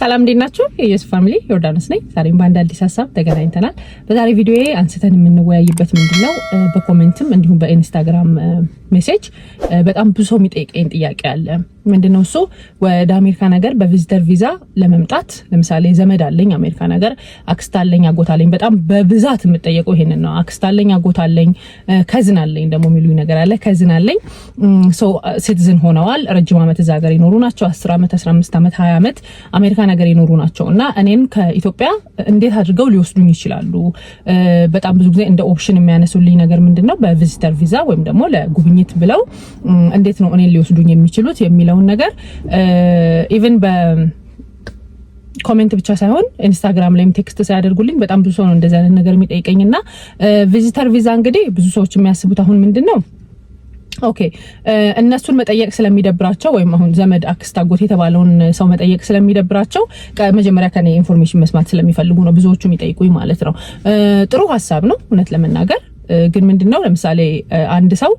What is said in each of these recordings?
ሰላም እንዴት ናችሁ? የኢየሱስ ፋሚሊ ዮርዳኖስ ነኝ። ዛሬም በአንድ አዲስ ሀሳብ ተገናኝተናል። በዛሬ ቪዲዮ አንስተን የምንወያይበት ምንድን ነው፣ በኮሜንትም እንዲሁም በኢንስታግራም ሜሴጅ በጣም ብዙ ሰው የሚጠይቀኝ ጥያቄ አለ ምንድነው እሱ ወደ አሜሪካ ነገር በቪዚተር ቪዛ ለመምጣት ለምሳሌ ዘመድ አለኝ አሜሪካ ነገር፣ አክስት አለኝ፣ አጎት አለኝ። በጣም በብዛት የምጠየቀው ይሄንን ነው። አክስት አለኝ፣ አጎት አለኝ፣ ከዝን አለኝ ደግሞ የሚሉ ነገር አለ። ከዝን አለኝ ሰው ሲቲዝን ሆነዋል፣ ረጅም አመት እዛ ሀገር ይኖሩ ናቸው። 10 ዓመት፣ 15 ዓመት፣ 20 ዓመት አሜሪካ ነገር ይኖሩ ናቸው እና እኔን ከኢትዮጵያ እንዴት አድርገው ሊወስዱኝ ይችላሉ? በጣም ብዙ ጊዜ እንደ ኦፕሽን የሚያነሱልኝ ነገር ምንድን ነው በቪዚተር ቪዛ ወይም ደግሞ ለጉብኝት ብለው እንዴት ነው እኔን ሊወስዱኝ የሚችሉት የሚለው የሚለውን ነገር ኢቨን ኮሜንት ብቻ ሳይሆን ኢንስታግራም ላይም ቴክስት ሳያደርጉልኝ በጣም ብዙ ሰው ነው እንደዚህ አይነት ነገር የሚጠይቀኝና ቪዚተር ቪዛ እንግዲህ ብዙ ሰዎች የሚያስቡት አሁን ምንድን ነው ኦኬ እነሱን መጠየቅ ስለሚደብራቸው ወይም አሁን ዘመድ አክስት አጎት የተባለውን ሰው መጠየቅ ስለሚደብራቸው መጀመሪያ ከኔ ኢንፎርሜሽን መስማት ስለሚፈልጉ ነው ብዙዎቹ የሚጠይቁኝ ማለት ነው። ጥሩ ሀሳብ ነው እውነት ለመናገር ግን ምንድን ነው ለምሳሌ አንድ ሰው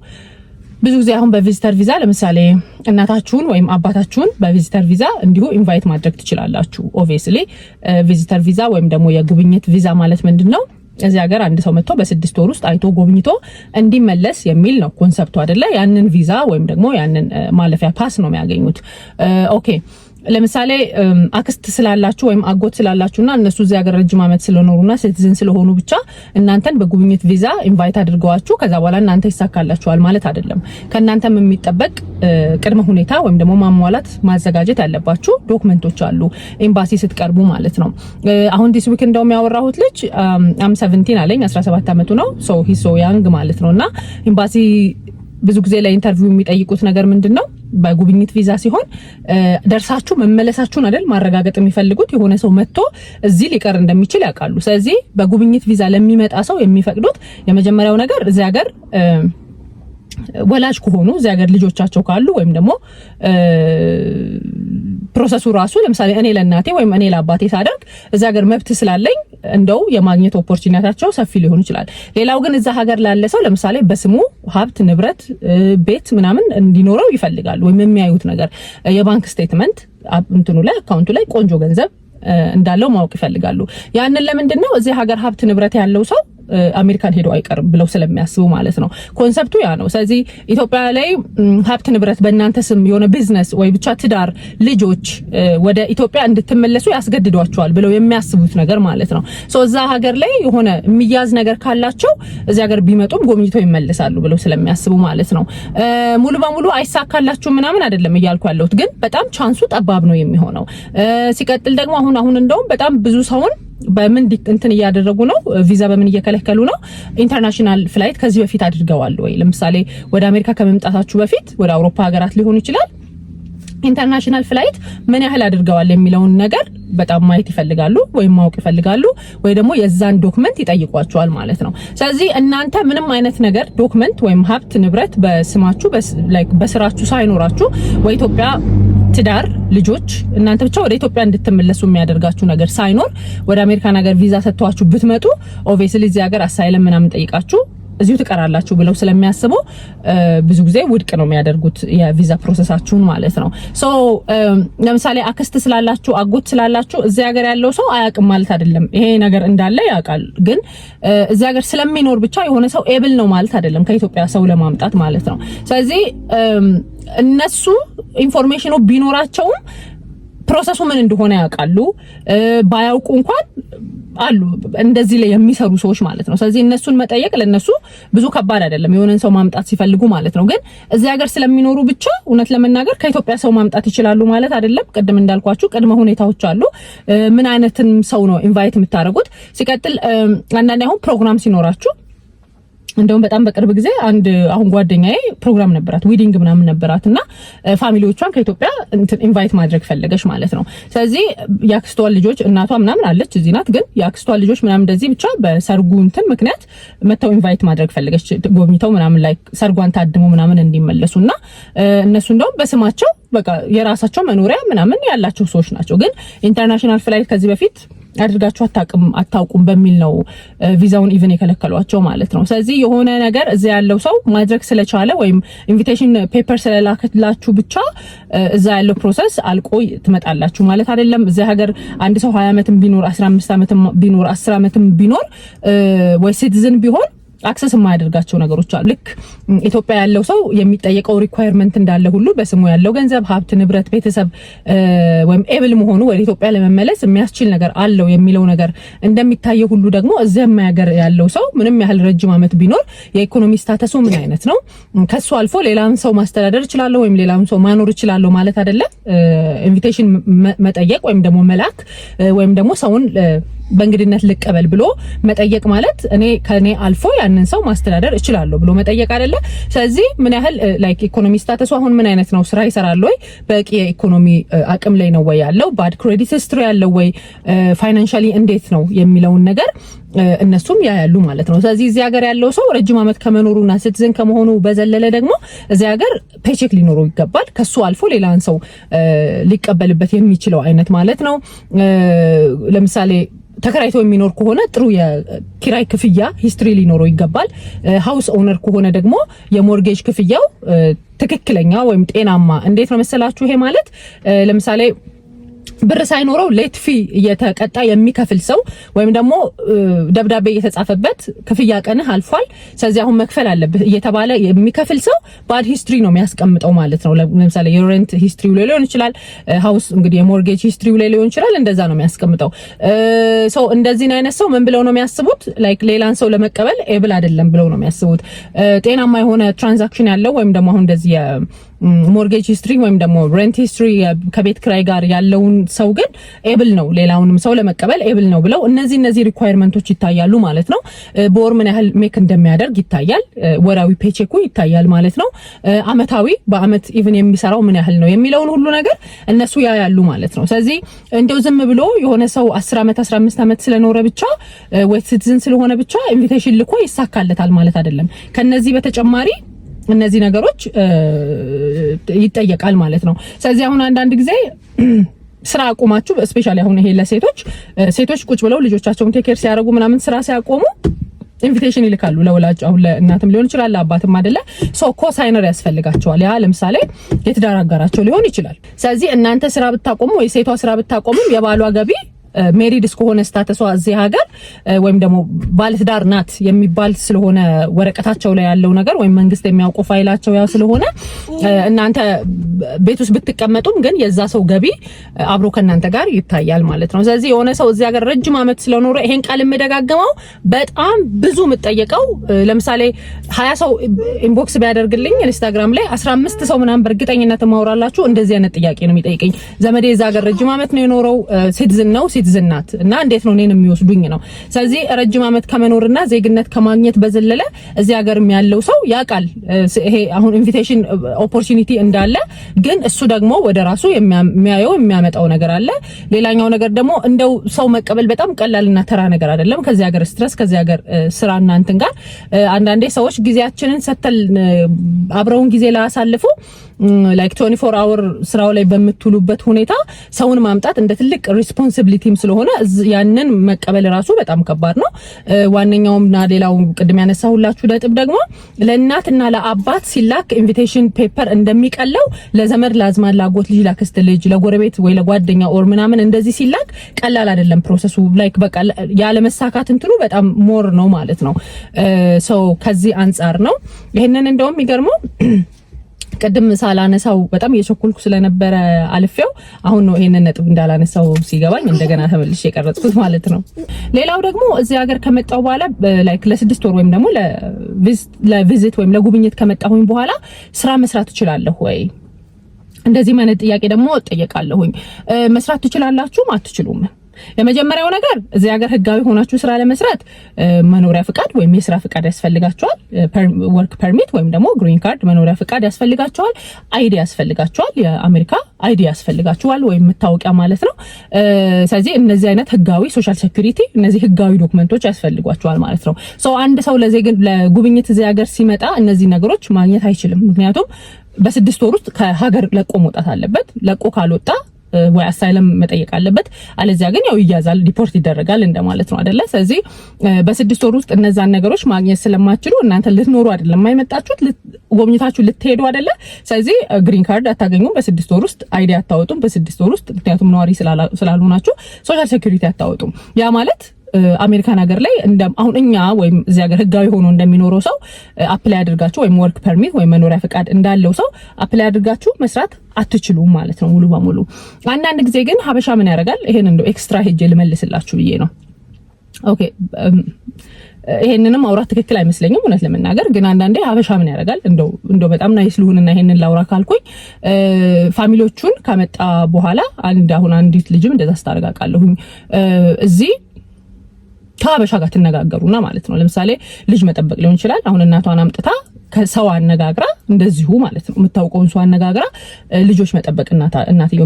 ብዙ ጊዜ አሁን በቪዚተር ቪዛ ለምሳሌ እናታችሁን ወይም አባታችሁን በቪዚተር ቪዛ እንዲሁ ኢንቫይት ማድረግ ትችላላችሁ። ኦብቪየስሊ ቪዚተር ቪዛ ወይም ደግሞ የጉብኝት ቪዛ ማለት ምንድን ነው? እዚህ ሀገር አንድ ሰው መጥቶ በስድስት ወር ውስጥ አይቶ ጎብኝቶ እንዲመለስ የሚል ነው ኮንሰፕቱ አይደለ? ያንን ቪዛ ወይም ደግሞ ያንን ማለፊያ ፓስ ነው የሚያገኙት። ኦኬ ለምሳሌ አክስት ስላላችሁ ወይም አጎት ስላላችሁና እነሱ እዚህ ሀገር ረጅም ዓመት ስለኖሩና ሲቲዝን ስለሆኑ ብቻ እናንተን በጉብኝት ቪዛ ኢንቫይት አድርገዋችሁ ከዛ በኋላ እናንተ ይሳካላችኋል ማለት አይደለም። ከእናንተም የሚጠበቅ ቅድመ ሁኔታ ወይም ደግሞ ማሟላት ማዘጋጀት ያለባችሁ ዶክመንቶች አሉ፣ ኤምባሲ ስትቀርቡ ማለት ነው። አሁን ዲስ ዊክ እንደውም ያወራሁት ልጅ አም ሰቨንቲን አለኝ 17 ዓመቱ ነው። ሶ ሂሶ ያንግ ማለት ነው። እና ኤምባሲ ብዙ ጊዜ ለኢንተርቪው የሚጠይቁት ነገር ምንድን ነው በጉብኝት ቪዛ ሲሆን ደርሳችሁ መመለሳችሁን አይደል ማረጋገጥ የሚፈልጉት። የሆነ ሰው መጥቶ እዚህ ሊቀር እንደሚችል ያውቃሉ። ስለዚህ በጉብኝት ቪዛ ለሚመጣ ሰው የሚፈቅዱት የመጀመሪያው ነገር እዚህ ሀገር ወላጅ ከሆኑ እዚህ ሀገር ልጆቻቸው ካሉ ወይም ደግሞ ፕሮሰሱ ራሱ ለምሳሌ እኔ ለእናቴ ወይም እኔ ለአባቴ ሳደርግ እዚ ሀገር መብት ስላለኝ እንደው የማግኘት ኦፖርቹኒቲያቸው ሰፊ ሊሆን ይችላል። ሌላው ግን እዛ ሀገር ላለ ሰው ለምሳሌ በስሙ ሀብት፣ ንብረት፣ ቤት ምናምን እንዲኖረው ይፈልጋል ወይም የሚያዩት ነገር የባንክ ስቴትመንት እንትኑ ላይ አካውንቱ ላይ ቆንጆ ገንዘብ እንዳለው ማወቅ ይፈልጋሉ። ያንን ለምንድን ነው እዚህ ሀገር ሀብት ንብረት ያለው ሰው አሜሪካን ሄዶ አይቀርም ብለው ስለሚያስቡ ማለት ነው። ኮንሰፕቱ ያ ነው። ስለዚህ ኢትዮጵያ ላይ ሀብት ንብረት በእናንተ ስም የሆነ ቢዝነስ ወይ ብቻ ትዳር፣ ልጆች ወደ ኢትዮጵያ እንድትመለሱ ያስገድዷቸዋል ብለው የሚያስቡት ነገር ማለት ነው። እዛ ሀገር ላይ የሆነ የሚያዝ ነገር ካላቸው እዚ ሀገር ቢመጡም ጎብኝተው ይመለሳሉ ብለው ስለሚያስቡ ማለት ነው። ሙሉ በሙሉ አይሳካላችሁ ምናምን አይደለም እያልኩ ያለሁት ግን በጣም ቻንሱ ጠባብ ነው የሚሆነው። ሲቀጥል ደግሞ አሁን አሁን እንደውም በጣም ብዙ ሰውን በምን እንትን እያደረጉ ነው? ቪዛ በምን እየከለከሉ ነው? ኢንተርናሽናል ፍላይት ከዚህ በፊት አድርገዋል ወይ? ለምሳሌ ወደ አሜሪካ ከመምጣታችሁ በፊት ወደ አውሮፓ ሀገራት ሊሆን ይችላል ኢንተርናሽናል ፍላይት ምን ያህል አድርገዋል የሚለውን ነገር በጣም ማየት ይፈልጋሉ ወይም ማወቅ ይፈልጋሉ ወይ ደግሞ የዛን ዶክመንት ይጠይቋቸዋል ማለት ነው። ስለዚህ እናንተ ምንም አይነት ነገር ዶክመንት ወይም ሀብት ንብረት በስማችሁ በስራችሁ ሳይኖራችሁ ወይ ኢትዮጵያ ትዳር፣ ልጆች እናንተ ብቻ ወደ ኢትዮጵያ እንድትመለሱ የሚያደርጋችሁ ነገር ሳይኖር ወደ አሜሪካን ሀገር ቪዛ ሰጥተዋችሁ ብትመጡ ኦቬስሊ እዚህ ሀገር አሳይለም ምናምን ጠይቃችሁ እዚሁ ትቀራላችሁ ብለው ስለሚያስቡ ብዙ ጊዜ ውድቅ ነው የሚያደርጉት የቪዛ ፕሮሰሳችሁን ማለት ነው። ሶ ለምሳሌ አክስት ስላላችሁ አጎት ስላላችሁ እዚህ ሀገር ያለው ሰው አያውቅም ማለት አይደለም። ይሄ ነገር እንዳለ ያውቃል፣ ግን እዚህ ሀገር ስለሚኖር ብቻ የሆነ ሰው ኤብል ነው ማለት አይደለም ከኢትዮጵያ ሰው ለማምጣት ማለት ነው። ስለዚህ እነሱ ኢንፎርሜሽኑ ቢኖራቸውም ፕሮሰሱ ምን እንደሆነ ያውቃሉ። ባያውቁ እንኳን አሉ እንደዚህ ላይ የሚሰሩ ሰዎች ማለት ነው። ስለዚህ እነሱን መጠየቅ ለነሱ ብዙ ከባድ አይደለም፣ የሆነን ሰው ማምጣት ሲፈልጉ ማለት ነው። ግን እዚህ ሀገር ስለሚኖሩ ብቻ እውነት ለመናገር ከኢትዮጵያ ሰው ማምጣት ይችላሉ ማለት አይደለም። ቅድም እንዳልኳችሁ ቅድመ ሁኔታዎች አሉ። ምን አይነትም ሰው ነው ኢንቫይት የምታደርጉት? ሲቀጥል አንዳንድ አሁን ፕሮግራም ሲኖራችሁ እንደውም በጣም በቅርብ ጊዜ አንድ አሁን ጓደኛዬ ፕሮግራም ነበራት፣ ዊዲንግ ምናምን ነበራት እና ፋሚሊዎቿን ከኢትዮጵያ ኢንቫይት ማድረግ ፈለገች ማለት ነው። ስለዚህ የአክስቷ ልጆች እናቷ ምናምን አለች እዚህ ናት፣ ግን የአክስቷ ልጆች ምናምን እንደዚህ ብቻ በሰርጉ እንትን ምክንያት መተው ኢንቫይት ማድረግ ፈለገች፣ ጎብኝተው ምናምን ላይ ሰርጓን ታድሞ ምናምን እንዲመለሱ እና እነሱ እንደውም በስማቸው በቃ የራሳቸው መኖሪያ ምናምን ያላቸው ሰዎች ናቸው፣ ግን ኢንተርናሽናል ፍላይት ከዚህ በፊት አድርጋችሁ አታውቅም አታውቁም በሚል ነው ቪዛውን ኢቨን የከለከሏቸው ማለት ነው። ስለዚህ የሆነ ነገር እዚ ያለው ሰው ማድረግ ስለቻለ ወይም ኢንቪቴሽን ፔፐር ስለላክላችሁ ብቻ እዛ ያለው ፕሮሰስ አልቆ ትመጣላችሁ ማለት አይደለም። እዚ ሀገር አንድ ሰው 20 ዓመትም ቢኖር 15 አምስት ዓመትም ቢኖር 10 ዓመትም ቢኖር ወይ ሲቲዝን ቢሆን አክሰስ የማያደርጋቸው ነገሮች አሉ። ልክ ኢትዮጵያ ያለው ሰው የሚጠየቀው ሪኳየርመንት እንዳለ ሁሉ በስሙ ያለው ገንዘብ፣ ሀብት፣ ንብረት፣ ቤተሰብ ወይም ኤብል መሆኑ ወደ ኢትዮጵያ ለመመለስ የሚያስችል ነገር አለው የሚለው ነገር እንደሚታየው ሁሉ ደግሞ እዚያ ሀገር ያለው ሰው ምንም ያህል ረጅም ዓመት ቢኖር የኢኮኖሚ ስታተሱ ምን አይነት ነው ከሱ አልፎ ሌላን ሰው ማስተዳደር እችላለሁ ወይም ሌላን ሰው ማኖር እችላለሁ ማለት አይደለም። ኢንቪቴሽን መጠየቅ ወይም ደግሞ መላክ ወይም ደግሞ ሰውን በእንግድነት ልቀበል ብሎ መጠየቅ ማለት እኔ ከኔ አልፎ ያንን ሰው ማስተዳደር እችላለሁ ብሎ መጠየቅ አይደለ። ስለዚህ ምን ያህል ላይክ ኢኮኖሚ ስታተሱ አሁን ምን አይነት ነው? ስራ ይሰራል ወይ? በቂ የኢኮኖሚ አቅም ላይ ነው ወይ ያለው? ባድ ክሬዲት ስትሪ ያለው ወይ? ፋይናንሻሊ እንዴት ነው የሚለውን ነገር እነሱም ያያሉ ማለት ነው። ስለዚህ እዚህ ሀገር ያለው ሰው ረጅም ዓመት ከመኖሩና ሲቲዝን ከመሆኑ በዘለለ ደግሞ እዚህ ሀገር ፔቼክ ሊኖረው ይገባል። ከሱ አልፎ ሌላን ሰው ሊቀበልበት የሚችለው አይነት ማለት ነው። ለምሳሌ ተከራይቶ የሚኖር ከሆነ ጥሩ የኪራይ ክፍያ ሂስትሪ ሊኖረው ይገባል። ሀውስ ኦነር ከሆነ ደግሞ የሞርጌጅ ክፍያው ትክክለኛ ወይም ጤናማ እንዴት ነው መሰላችሁ? ይሄ ማለት ለምሳሌ ብር ሳይኖረው ሌት ፊ እየተቀጣ የሚከፍል ሰው ወይም ደግሞ ደብዳቤ እየተጻፈበት ክፍያ ቀንህ አልፏል፣ ስለዚህ አሁን መክፈል አለብህ እየተባለ የሚከፍል ሰው ባድ ሂስትሪ ነው የሚያስቀምጠው ማለት ነው። ለምሳሌ የሬንት ሂስትሪ ላይ ሊሆን ይችላል፣ ሀውስ እንግዲህ የሞርጌጅ ሂስትሪ ላይ ሊሆን ይችላል። እንደዛ ነው የሚያስቀምጠው ሰው። እንደዚህን አይነት ሰው ምን ብለው ነው የሚያስቡት? ላይክ ሌላን ሰው ለመቀበል ኤብል አይደለም ብለው ነው የሚያስቡት። ጤናማ የሆነ ትራንዛክሽን ያለው ወይም ደግሞ አሁን እንደዚህ ሞርጌጅ ሂስትሪ ወይም ደግሞ ሬንት ሂስትሪ ከቤት ክራይ ጋር ያለውን ሰው ግን ኤብል ነው፣ ሌላውንም ሰው ለመቀበል ኤብል ነው ብለው እነዚህ እነዚህ ሪኳየርመንቶች ይታያሉ ማለት ነው። በወር ምን ያህል ሜክ እንደሚያደርግ ይታያል። ወራዊ ፔቼኩ ይታያል ማለት ነው። አመታዊ በአመት ኢቭን የሚሰራው ምን ያህል ነው የሚለውን ሁሉ ነገር እነሱ ያያሉ ማለት ነው። ስለዚህ እንደው ዝም ብሎ የሆነ ሰው 10 አመት 15 አመት ስለኖረ ብቻ ወይ ሲቲዝን ስለሆነ ብቻ ኢንቪቴሽን ልኮ ይሳካለታል ማለት አይደለም። ከነዚህ በተጨማሪ እነዚህ ነገሮች ይጠየቃል ማለት ነው። ስለዚህ አሁን አንዳንድ ጊዜ ስራ አቁማችሁ ስፔሻሊ አሁን ይሄ ለሴቶች ሴቶች ቁጭ ብለው ልጆቻቸውን ቴኬር ሲያደርጉ ምናምን ስራ ሲያቆሙ ኢንቪቴሽን ይልካሉ ለወላጅ አሁን ለእናትም ሊሆን ይችላል ለአባትም አይደለ ሶ ኮሳይነር ያስፈልጋቸዋል ያ ለምሳሌ የትዳር አጋራቸው ሊሆን ይችላል ስለዚህ እናንተ ስራ ብታቆሙ ወይ ሴቷ ስራ ብታቆምም የባሏ ገቢ ሜሪድ እስከሆነ ስታተሷ እዚህ ሀገር ወይም ደግሞ ባለትዳር ናት የሚባል ስለሆነ ወረቀታቸው ላይ ያለው ነገር ወይም መንግስት የሚያውቁ ፋይላቸው ያው ስለሆነ እናንተ ቤት ውስጥ ብትቀመጡም ግን የዛ ሰው ገቢ አብሮ ከእናንተ ጋር ይታያል ማለት ነው። ስለዚህ የሆነ ሰው እዚህ ሀገር ረጅም ዓመት ስለኖረ ይሄን ቃል የምደጋግመው በጣም ብዙ የምጠየቀው ለምሳሌ ሀያ ሰው ኢንቦክስ ቢያደርግልኝ ኢንስታግራም ላይ አስራ አምስት ሰው ምናምን በእርግጠኝነት ማውራላችሁ እንደዚህ አይነት ጥያቄ ነው የሚጠይቀኝ። ዘመዴ እዛ ሀገር ረጅም ዓመት ነው የኖረው ሲቲዝን ነው ሲቲዝን ናት እና እንዴት ነው እኔን የሚወስዱኝ ነው። ስለዚህ ረጅም ዓመት ከመኖርና ዜግነት ከማግኘት በዘለለ እዚህ ሀገርም ያለው ሰው ያውቃል ይሄ አሁን ኢንቪቴሽን ኦፖርቹኒቲ እንዳለ ግን እሱ ደግሞ ወደ ራሱ የሚያየው የሚያመጣው ነገር አለ። ሌላኛው ነገር ደግሞ እንደው ሰው መቀበል በጣም ቀላልና ተራ ነገር አይደለም። ከዚህ ሀገር ስትረስ ከዚህ ሀገር ስራ እንትን ጋር አንዳንዴ ሰዎች ጊዜያችንን ሰተል አብረውን ጊዜ ላያሳልፉ ላይክ 24 አወር ስራው ላይ በምትውሉበት ሁኔታ ሰውን ማምጣት እንደ ትልቅ ሪስፖንሲቢሊቲም ስለሆነ ያንን መቀበል ራሱ በጣም ከባድ ነው። ዋነኛውም ና ሌላው ቅድም ያነሳሁላችሁ ነጥብ ደግሞ ለእናትና ለአባት ሲላክ ኢንቪቴሽን ፔፐር እንደሚቀለው ለዘመድ ላዝማድ ላጎት ልጅ፣ ላክስት ልጅ፣ ለጎረቤት ወይ ለጓደኛ ኦር ምናምን እንደዚህ ሲላክ ቀላል አይደለም ፕሮሰሱ። ላይክ በቃ ያለመሳካት እንትኑ በጣም ሞር ነው ማለት ነው። ሶ ከዚህ አንጻር ነው ይሄንን እንደውም የሚገርመው ቅድም ሳላነሳው በጣም እየቸኮልኩ ስለነበረ አልፌው አሁን ነው ይሄንን ነጥብ እንዳላነሳው ሲገባኝ እንደገና ተመልሼ የቀረጽኩት ማለት ነው። ሌላው ደግሞ እዚህ ሀገር ከመጣሁ በኋላ ላይክ ለስድስት ወር ወይም ደግሞ ለቪዚት ወይም ለጉብኝት ከመጣሁኝ በኋላ ስራ መስራት እችላለሁ ወይ? እንደዚህ አይነት ጥያቄ ደግሞ እጠየቃለሁኝ። መስራት ትችላላችሁም አትችሉም የመጀመሪያው ነገር እዚህ ሀገር ህጋዊ ሆናችሁ ስራ ለመስራት መኖሪያ ፍቃድ ወይም የስራ ፍቃድ ያስፈልጋችኋል። ወርክ ፐርሚት ወይም ደግሞ ግሪን ካርድ፣ መኖሪያ ፍቃድ ያስፈልጋችኋል። አይዲ ያስፈልጋችኋል። የአሜሪካ አይዲ ያስፈልጋችኋል ወይም መታወቂያ ማለት ነው። ስለዚህ እነዚህ አይነት ህጋዊ ሶሻል ሴኩሪቲ፣ እነዚህ ህጋዊ ዶክመንቶች ያስፈልጓችኋል ማለት ነው። አንድ ሰው ለጉብኝት እዚህ ሀገር ሲመጣ እነዚህ ነገሮች ማግኘት አይችልም። ምክንያቱም በስድስት ወር ውስጥ ከሀገር ለቆ መውጣት አለበት። ለቆ ካልወጣ ወይ አሳይለም መጠየቅ አለበት። አለዚያ ግን ያው ይያዛል፣ ዲፖርት ይደረጋል እንደማለት ነው አይደለ? ስለዚህ በስድስት ወር ውስጥ እነዛን ነገሮች ማግኘት ስለማትችሉ እናንተ ልትኖሩ አይደለም የማይመጣችሁት፣ ጎብኝታችሁ ልትሄዱ አይደለ? ስለዚህ ግሪን ካርድ አታገኙም በስድስት ወር ውስጥ፣ አይዲ አታወጡም በስድስት ወር ውስጥ፣ ምክንያቱም ነዋሪ ስላልሆናችሁ ሶሻል ሴኩሪቲ አታወጡም። ያ ማለት አሜሪካን ሀገር ላይ አሁን እኛ ወይም እዚህ ሀገር ህጋዊ ሆኖ እንደሚኖረው ሰው አፕላይ አድርጋችሁ ወይም ወርክ ፐርሚት ወይም መኖሪያ ፈቃድ እንዳለው ሰው አፕላይ አድርጋችሁ መስራት አትችሉም ማለት ነው ሙሉ በሙሉ። አንዳንድ ጊዜ ግን ሀበሻ ምን ያደርጋል? ይሄን እንደው ኤክስትራ ሄጄ ልመልስላችሁ ብዬ ነው። ኦኬ ይሄንንም አውራት ትክክል አይመስለኝም እውነት ለመናገር ግን አንዳንዴ ሀበሻ ምን ያደርጋል እንደው እንደው በጣም ናይስ ልሁንና ይሄንን ላውራ ካልኩኝ ፋሚሊዎቹን ከመጣ በኋላ አንድ አሁን አንዲት ልጅም እንደዛ ስታረጋቃለሁኝ እዚህ ከአበሻ ጋር ትነጋገሩና ማለት ነው። ለምሳሌ ልጅ መጠበቅ ሊሆን ይችላል። አሁን እናቷን አምጥታ ከሰው አነጋግራ እንደዚሁ ማለት ነው የምታውቀውን ሰው አነጋግራ ልጆች መጠበቅ እናትየው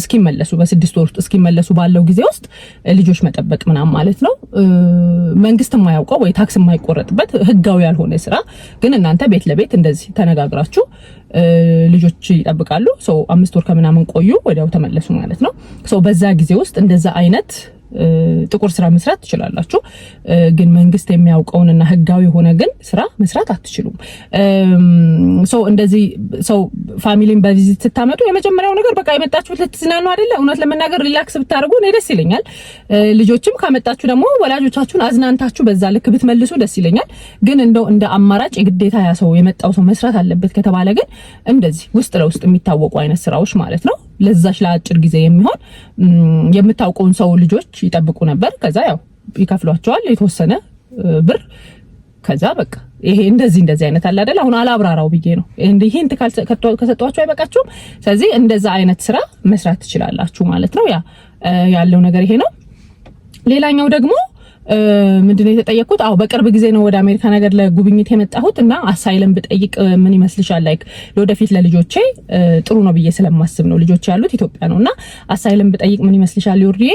እስኪመለሱ በስድስት ወር ውስጥ እስኪመለሱ ባለው ጊዜ ውስጥ ልጆች መጠበቅ ምናምን ማለት ነው። መንግስት የማያውቀው ወይ ታክስ የማይቆረጥበት ህጋዊ ያልሆነ ስራ ግን እናንተ ቤት ለቤት እንደዚህ ተነጋግራችሁ ልጆች ይጠብቃሉ። ሰው አምስት ወር ከምናምን ቆዩ፣ ወዲያው ተመለሱ ማለት ነው። ሰው በዛ ጊዜ ውስጥ እንደዛ አይነት ጥቁር ስራ መስራት ትችላላችሁ፣ ግን መንግስት የሚያውቀውንና ህጋዊ የሆነ ግን ስራ መስራት አትችሉም። ሶ እንደዚህ ሰው ፋሚሊን በቪዚት ስታመጡ የመጀመሪያው ነገር በቃ የመጣችሁት ልትዝናኑ አይደለ? እውነት ለመናገር ሪላክስ ብታደርጉ እኔ ደስ ይለኛል። ልጆችም ካመጣችሁ ደግሞ ወላጆቻችሁን አዝናንታችሁ በዛ ልክ ብትመልሱ ደስ ይለኛል። ግን እንደው እንደ አማራጭ የግዴታ ያ ሰው የመጣው ሰው መስራት አለበት ከተባለ ግን እንደዚህ ውስጥ ለውስጥ የሚታወቁ አይነት ስራዎች ማለት ነው ለዛች ለአጭር ጊዜ የሚሆን የምታውቀውን ሰው ልጆች ይጠብቁ ነበር። ከዛ ያው ይከፍሏቸዋል የተወሰነ ብር። ከዛ በቃ ይሄ እንደዚህ እንደዚህ አይነት አለ አይደል? አሁን አላብራራው ብዬ ነው። ይሄን ከሰጧችሁ አይበቃችሁም። ስለዚህ እንደዛ አይነት ስራ መስራት ትችላላችሁ ማለት ነው። ያ ያለው ነገር ይሄ ነው። ሌላኛው ደግሞ ምንድን ነው የተጠየቅኩት? አዎ በቅርብ ጊዜ ነው ወደ አሜሪካ ነገር ለጉብኝት የመጣሁት እና አሳይለም ብጠይቅ ምን ይመስልሻል? ላይክ ለወደፊት ለልጆቼ ጥሩ ነው ብዬ ስለማስብ ነው። ልጆች ያሉት ኢትዮጵያ ነው እና አሳይለም ብጠይቅ ምን ይመስልሻል? ይወርድዬ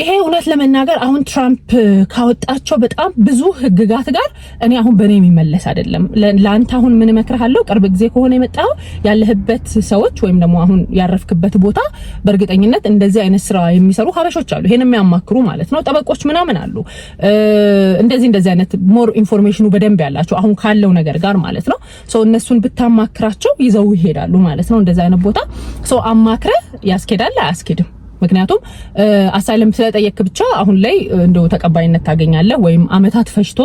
ይሄ እውነት ለመናገር አሁን ትራምፕ ካወጣቸው በጣም ብዙ ህግጋት ጋር እኔ አሁን በእኔ የሚመለስ አይደለም። ለአንተ አሁን ምን እመክርሃለሁ፣ ቅርብ ጊዜ ከሆነ የመጣው ያለህበት ሰዎች ወይም ደግሞ አሁን ያረፍክበት ቦታ በእርግጠኝነት እንደዚህ አይነት ስራ የሚሰሩ ሀበሾች አሉ፣ ይሄን የሚያማክሩ ማለት ነው። ጠበቆች ምናምን አሉ፣ እንደዚህ እንደዚህ አይነት ሞር ኢንፎርሜሽኑ በደንብ ያላቸው አሁን ካለው ነገር ጋር ማለት ነው። እነሱን ብታማክራቸው ይዘው ይሄዳሉ ማለት ነው። እንደዚህ አይነት ቦታ አማክረ ያስኬዳል አያስኬድም ምክንያቱም አሳይለም ስለጠየክ ብቻ አሁን ላይ እንደው ተቀባይነት ታገኛለህ ወይም አመታት ፈጅቶ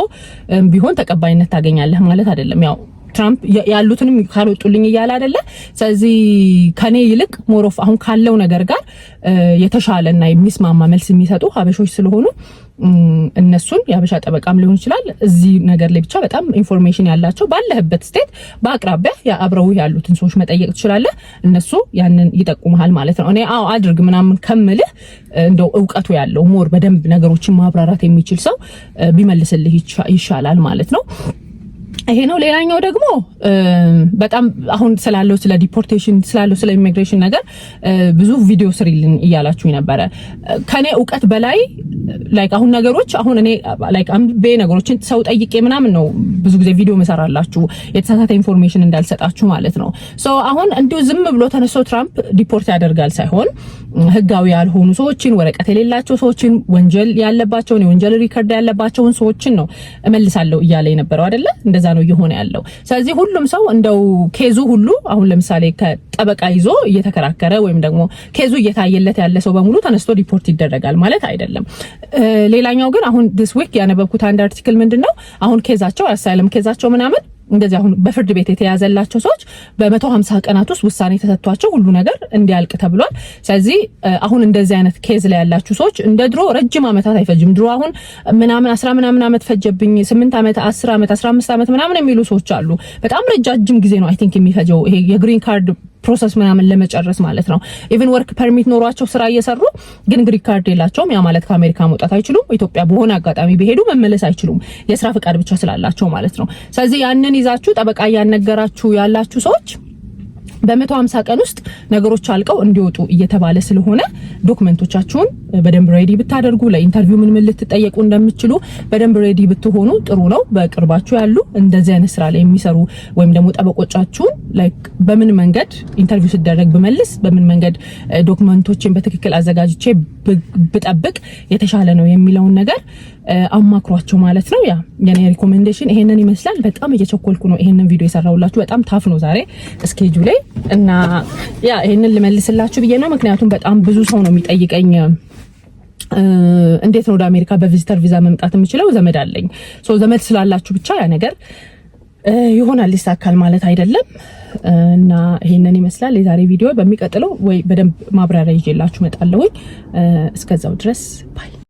ቢሆን ተቀባይነት ታገኛለህ ማለት አይደለም። ያው ትራምፕ ያሉትንም ካልወጡልኝ እያለ አይደለ። ስለዚህ ከኔ ይልቅ ሞሮፍ አሁን ካለው ነገር ጋር የተሻለና የሚስማማ መልስ የሚሰጡ ሀበሾች ስለሆኑ እነሱን የሀበሻ ጠበቃም ሊሆን ይችላል እዚህ ነገር ላይ ብቻ በጣም ኢንፎርሜሽን ያላቸው ባለህበት ስቴት በአቅራቢያ የአብረው ያሉትን ሰዎች መጠየቅ ትችላለህ። እነሱ ያንን ይጠቁመሃል ማለት ነው። እኔ አዎ አድርግ ምናምን ከምልህ እንደው እውቀቱ ያለው ሞር በደንብ ነገሮችን ማብራራት የሚችል ሰው ቢመልስልህ ይሻላል ማለት ነው። ይሄ ነው። ሌላኛው ደግሞ በጣም አሁን ስላለው ስለ ዲፖርቴሽን ስላለው ስለ ኢሚግሬሽን ነገር ብዙ ቪዲዮ ስሪልን እያላችሁ ነበረ። ከኔ እውቀት በላይ ላይክ አሁን ነገሮች አሁን እኔ ላይክ አምቤ ነገሮችን ሰው ጠይቄ ምናምን ነው ብዙ ጊዜ ቪዲዮ መሰራላችሁ የተሳሳተ ኢንፎርሜሽን እንዳልሰጣችሁ ማለት ነው። ሶ አሁን እንዲሁ ዝም ብሎ ተነስቶ ትራምፕ ዲፖርት ያደርጋል ሳይሆን ህጋዊ ያልሆኑ ሰዎችን፣ ወረቀት የሌላቸው ሰዎችን፣ ወንጀል ያለባቸውን የወንጀል ሪከርድ ያለባቸውን ሰዎችን ነው እመልሳለሁ እያለ የነበረው አይደለ እንደዛ ነው እየሆነ ያለው። ስለዚህ ሁሉም ሰው እንደው ኬዙ ሁሉ አሁን ለምሳሌ ከጠበቃ ይዞ እየተከራከረ ወይም ደግሞ ኬዙ እየታየለት ያለ ሰው በሙሉ ተነስቶ ሪፖርት ይደረጋል ማለት አይደለም። ሌላኛው ግን አሁን ዲስ ዊክ ያነበብኩት አንድ አርቲክል ምንድን ነው አሁን ኬዛቸው አያሳይልም ኬዛቸው ምናምን እንደዚህ አሁን በፍርድ ቤት የተያዘላቸው ሰዎች በመቶ ሀምሳ ቀናት ውስጥ ውሳኔ ተሰጥቷቸው ሁሉ ነገር እንዲያልቅ ተብሏል። ስለዚህ አሁን እንደዚህ አይነት ኬዝ ላይ ያላችሁ ሰዎች እንደ ድሮ ረጅም ዓመታት አይፈጅም። ድሮ አሁን ምናምን አስራ ምናምን ዓመት ፈጀብኝ ስምንት ዓመት አስር ዓመት አስራ አምስት ዓመት ምናምን የሚሉ ሰዎች አሉ። በጣም ረጃጅም ጊዜ ነው አይ ቲንክ የሚፈጀው ይሄ የግሪን ካርድ ፕሮሰስ ምናምን ለመጨረስ ማለት ነው። ኢቭን ወርክ ፐርሚት ኖሯቸው ስራ እየሰሩ ግን ግሪን ካርድ የላቸውም። ያ ማለት ከአሜሪካ መውጣት አይችሉም። ኢትዮጵያ በሆነ አጋጣሚ ቢሄዱ መመለስ አይችሉም፣ የስራ ፍቃድ ብቻ ስላላቸው ማለት ነው። ስለዚህ ያንን ይዛችሁ ጠበቃ እያነገራችሁ ያላችሁ ሰዎች በመቶ ሀምሳ ቀን ውስጥ ነገሮች አልቀው እንዲወጡ እየተባለ ስለሆነ ዶክመንቶቻችሁን በደንብ ሬዲ ብታደርጉ ለኢንተርቪው ምን ምን ልትጠየቁ እንደምትችሉ በደንብ ሬዲ ብትሆኑ ጥሩ ነው። በቅርባችሁ ያሉ እንደዚህ አይነት ስራ ላይ የሚሰሩ ወይም ደግሞ ጠበቆቻችሁን ላይክ በምን መንገድ ኢንተርቪው ስደረግ ብመልስ፣ በምን መንገድ ዶክመንቶችን በትክክል አዘጋጅቼ ብጠብቅ የተሻለ ነው የሚለውን ነገር አማክሯቸው ማለት ነው። ያ የኔ ሪኮሜንዴሽን ይሄንን ይመስላል። በጣም እየቸኮልኩ ነው ይሄንን ቪዲዮ የሰራሁላችሁ። በጣም ታፍ ነው ዛሬ እስኬጁ ላይ እና ያ ይሄንን ልመልስላችሁ ብዬ ነው። ምክንያቱም በጣም ብዙ ሰው ነው የሚጠይቀኝ እንዴት ነው ወደ አሜሪካ በቪዚተር ቪዛ መምጣት የምችለው? ዘመድ አለኝ። ሶ ዘመድ ስላላችሁ ብቻ ያ ነገር ይሆናል ሊሳካል ማለት አይደለም። እና ይሄንን ይመስላል የዛሬ ቪዲዮ። በሚቀጥለው ወይ በደንብ ማብራሪያ ይዤላችሁ መጣለሁ እስከዛው ድረስ ባይ